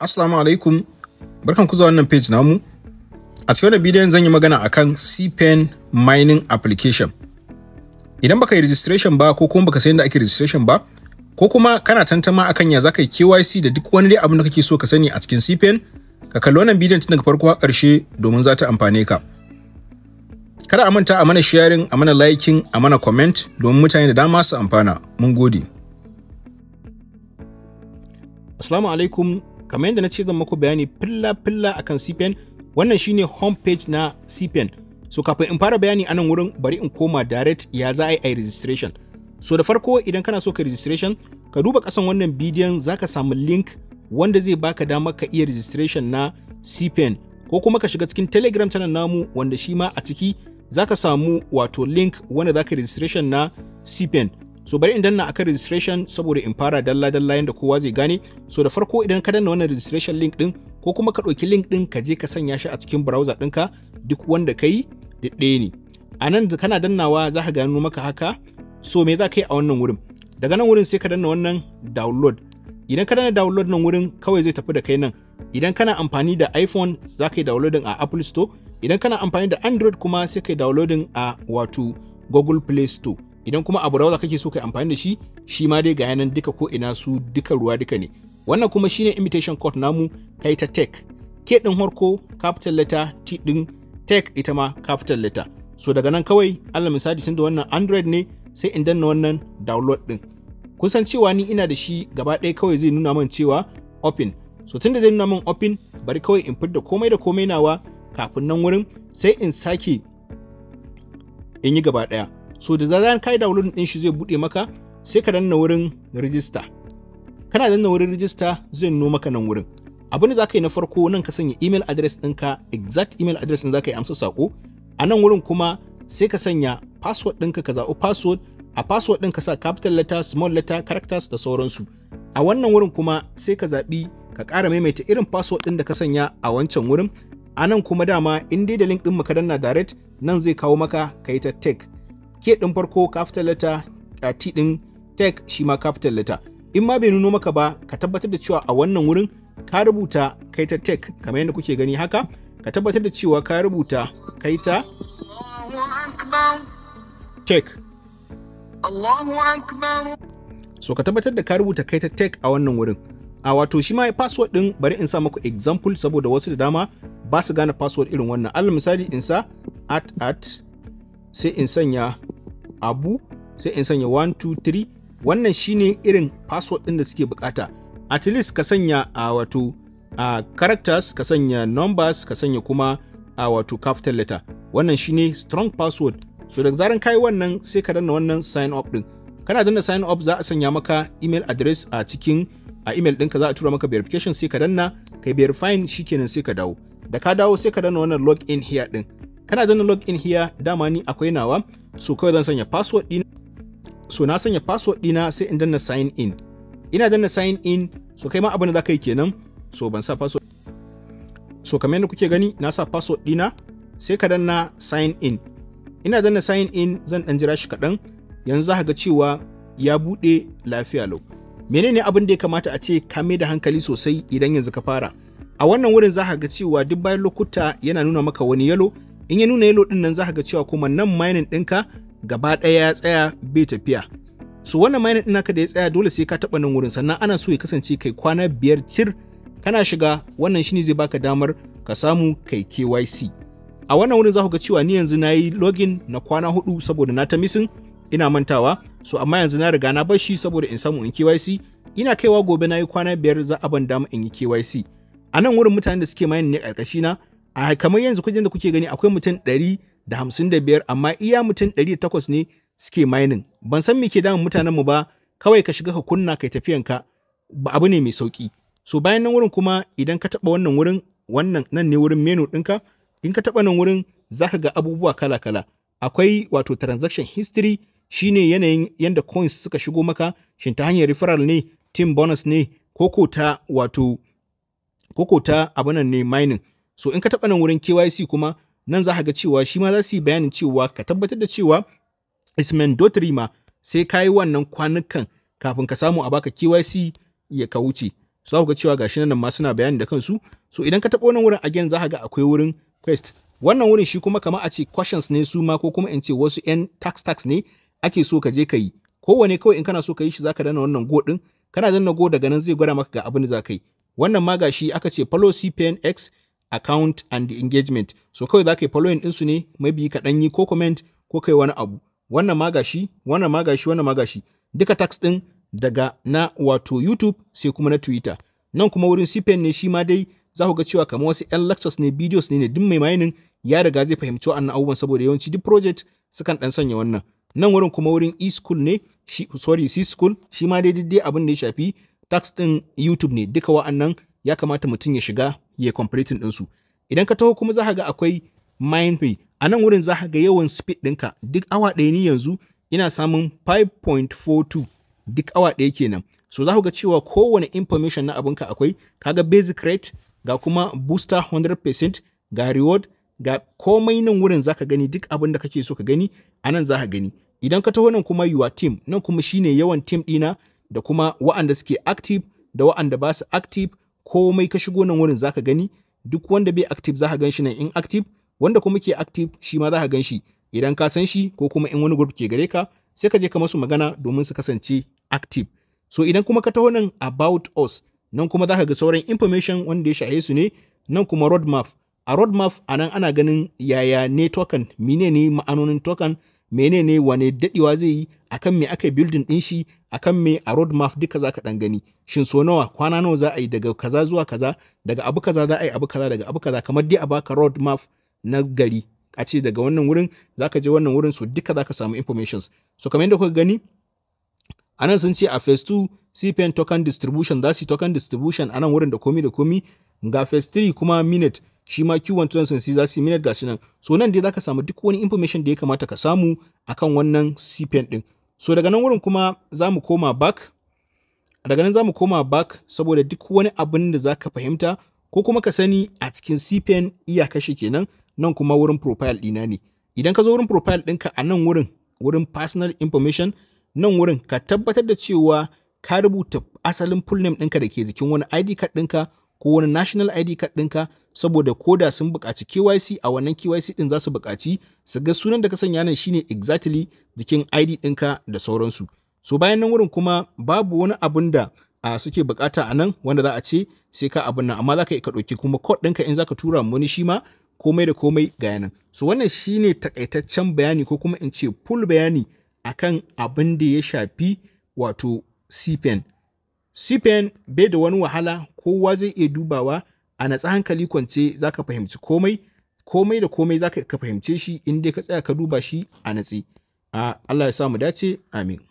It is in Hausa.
Assalamu alaikum, barkan ku zuwa wannan page namu. A cikin wannan bidiyon zan yi magana akan CPN mining application. Idan baka yi registration ba ko kuma baka san yadda ake registration ba, ko kuma kana tantama akan ya zaka yi KYC da duk wani abu abin da kake so ka sani a cikin CPN, ka kalli wannan bidiyon tun daga farko har ƙarshe domin za ta amfane ka. Kada a manta a mana sharing, a mana liking, a mana comment domin mutane da dama su amfana. Mun gode. Assalamu alaikum kamar yadda na ce zan muku bayani filla-filla akan cpn wannan shine page na cpn so kafin in fara bayani anan wurin bari in koma direct ya za a yi registration so da farko idan kana so ka registration ka duba kasan wannan bidiyon za ka samu link wanda zai baka dama ka iya registration na cpn ko kuma ka shiga cikin telegram channel namu wanda shi ma a ciki za ka samu wato link wanda za ka registration na cpn so bari in danna akan registration saboda in fara dalla dalla yanda kowa zai gane so da farko idan ka danna wannan registration link din ko kuma ka ɗauki link din ka je ka sanya shi a cikin browser ɗinka duk wanda ka yi ɗaya ne a nan kana dannawa za ka gano maka haka so me za ka yi a wannan wurin daga nan wurin sai ka danna wannan download idan ka danna download nan wurin kawai zai tafi da kai nan idan kana amfani da iphone za ka yi downloading a apple store idan kana amfani da android kuma sai ka yi downloading a wato google play store idan kuma a browser kake so kai amfani da shi shi ma dai ga yanan duka ko ina su duka ruwa duka ne wannan kuma shine imitation code namu kai ta tech ke din harko capital letter t din tech ita ma capital letter so daga nan kawai allah misali tunda wannan android ne sai in danna wannan download din kusan cewa ni ina da shi gaba ɗaya kawai zai nuna min cewa open so tunda zai nuna min open bari kawai in da komai da komai nawa kafin nan wurin sai in sake in yi gaba ɗaya so da zaran kai download din shi zai bude maka sai ka danna wurin register kana danna wurin register zai nuno maka nan wurin abin da za yi na farko nan ka sanya email address ɗinka exact email address ɗin za ka yi amsa sako a nan wurin kuma sai ka sanya password ɗinka ka zaɓi password a password ɗin ka sa capital letter small letter characters da sauransu a wannan wurin kuma sai ka zaɓi ka ƙara maimaita irin password ɗin da ka sanya a wancan wurin a nan kuma dama in dai da link ɗin ka danna direct nan zai kawo maka ka yi ta tech ke ɗin farko capital letter a T ɗin tech shi ma capital letter. In ma bai nuno maka ba ka tabbatar da cewa a wannan wurin ka rubuta kai ta tech kamar yadda kuke gani haka ka tabbatar da cewa ka rubuta kai ta tech. So ka tabbatar da ka rubuta kai ta tech a wannan wurin. a wato shi ma password din bari in sa maku example saboda wasu da dama ba su gane password irin wannan alal misali in sa at at sai in sanya abu sai in sanya 123. wannan shine irin password ɗin da suke bukata at least ka sanya a wato a characters ka sanya numbers ka sanya kuma a wato capital letter wannan shine strong password so da zaran kai wannan sai ka danna wannan sign up din kana danna sign up za a sanya maka email address a cikin a email ɗinka za a tura maka verification sai ka danna kai verifying shikenan sai ka dawo da ka dawo sai ka danna wannan log in here din kana ganin log in here dama ni akwai nawa so kawai zan sanya password din so na sanya password dina sai in danna sign in ina danna sign in so kai ma abin da zaka yi kenan so ban sa password so kamar yadda kuke gani na sa password dina. sai ka danna sign in ina danna sign in zan dan jira shi kaɗan yanzu za ga cewa ya bude lafiya lau menene abin da ya kamata a ce ka mai da hankali sosai idan yanzu ka fara a wannan wurin za ga cewa duk bayan lokuta yana nuna maka wani yalo in ya nuna yalo din nan zaka ga cewa kuma nan mining ɗinka gaba ɗaya ya tsaya bai tafiya Su wannan mining ɗin naka da ya tsaya dole sai ka taɓa nan wurin sannan ana so ya kasance kai kwana biyar cir kana shiga wannan shine zai baka damar ka samu kai KYC a wannan wurin za ku ga cewa ni yanzu na yi login na kwana hudu saboda na ta misin ina mantawa so amma yanzu na riga na bashi saboda in samu in KYC ina kaiwa gobe na yi kwana biyar za a ban dama in yi KYC a nan wurin mutanen da suke mining ne karkashi na a kamar yanzu kudin da kuke gani akwai mutum ɗari da hamsin da biyar amma iya mutum ɗari da takwas ne suke mining ban san me ke damun mutanen mu ba kawai ka shiga ka kunna kai tafiyanka ba abu ne mai sauki so bayan nan wurin kuma idan ka taba wannan wurin wannan nan ne wurin menu ɗinka in ka taba nan wurin za ka ga abubuwa kala-kala akwai wato transaction history shine yanayin yanda coins suka shigo maka shin ta hanyar referral ne team bonus ne koko ta wato koko ta abunan ne mining So in ka taɓa nan wurin KYC kuma nan za ka ga cewa shi ma za su yi bayanin cewa ka tabbatar da cewa is mandatory ma sai ka yi wannan kwanukan kafin ka samu a baka KYC ya ka wuce. So za ku ga cewa gashi nan ma suna bayani da kansu. So idan ka taɓa wannan wurin again za ka ga akwai wurin quest. Wannan wurin shi kuma kamar a ce questions ne su ma ko kuma in ce wasu 'yan tax tax ne ake so ka je ka yi. Kowane kawai in kana so ka yi shi za ka dana wannan go ɗin. Kana danna go daga nan zai gwada maka ga abin da za ka yi. Wannan ma gashi aka ce policy pen account and engagement so kawai za ka yi following ɗinsu ne maybe ka ɗan yi ko comment ko kai wani abu wannan ma gashi wannan ma gashi wannan ma gashi duka tax ɗin daga na wato YouTube sai kuma na Twitter nan kuma wurin CPN ne shi ma dai za ku ga cewa kamar wasu 'yan lectures ne videos ne duk mai mayanin ya riga zai fahimci wannan abubuwan saboda yawanci duk project sukan ɗan sanya wannan nan wurin kuma wurin e-school ne shi sorry c-school shi ma dai dai abin da ya shafi tax ɗin YouTube ne duka wa'annan ya kamata mutum ya shiga ya yi completing ɗinsu. Idan ka taho kuma za ka ga akwai MindPay, a nan wurin za ka ga yawan speed ɗinka duk awa ɗaya ni yanzu ina samun 5.42 duk awa ɗaya kenan. So za ku ga cewa kowane information na abinka akwai, kaga basic rate, ga kuma booster 100%, ga reward, ga komai nan wurin za ka gani duk abin da kake so ka gani, a nan za ka gani. Idan ka taho nan kuma your team, nan kuma shine yawan team ɗina da kuma wa'anda suke active da wa'anda ba su active komai ka shigo nan wurin zaka gani duk wanda bai active zaka gan shi nan in active wanda kuma ke active shi ma zaka gan shi idan ka san shi ko kuma in wani group ke gare ka sai ka je ka masu magana domin su kasance active so idan kuma ka taho nan about us nan kuma zaka ga sauran information wanda ya shahe su ne nan kuma roadmap a roadmap anan ana ganin yaya ne token menene ma'anonin token menene wane dadewa zai yi akan me aka building din shi akan me a road map duka zaka dan gani shin so nawa kwana nawa za a yi daga kaza zuwa kaza daga abu kaza za a yi abu kaza daga abu kaza kamar dai a baka road map na gari a ce daga wannan wurin zaka je wannan wurin su duka zaka samu informations so kamar yadda kuka gani anan sun ce a phase 2 CPN token distribution za su token distribution anan wurin da komi da komi ga phase 3 kuma minute shi ma Q1 transparency za su yi minute gashi nan so nan dai zaka samu duk wani information da ya kamata ka samu akan wannan CPN din so daga nan wurin kuma za koma back daga nan zamu koma back saboda duk wani abin da zaka fahimta ko kuma ka sani a cikin CPN iya kashi kenan nan kuma wurin profile ɗina ne idan ka zo wurin profile ɗinka a nan wurin wurin personal information nan wurin ka tabbatar da cewa ka rubuta asalin full name ɗinka da ke jikin wani ID card ɗinka ko wani national ID card ɗinka saboda koda sun buƙaci KYC a wannan KYC ɗin za su buƙaci su ga sunan da ka sanya nan shine exactly jikin ID ɗinka da sauransu. So bayan nan wurin kuma babu wani abun da a suke buƙata a nan wanda za a ce sai ka abun nan amma za ka ka ɗauki kuma code ɗinka in za ka tura wani shi ma komai da komai ga yanan. So wannan shine takaitaccen bayani ko kuma in ce full bayani akan abin da ya shafi wato CPN. CPN bai da wani wahala kowa zai iya dubawa a natsa hankali kwance za ka fahimci komai komai da komai za ka fahimce shi inda ka tsaya ka duba shi a natsi ah, Allah ya sa dace amin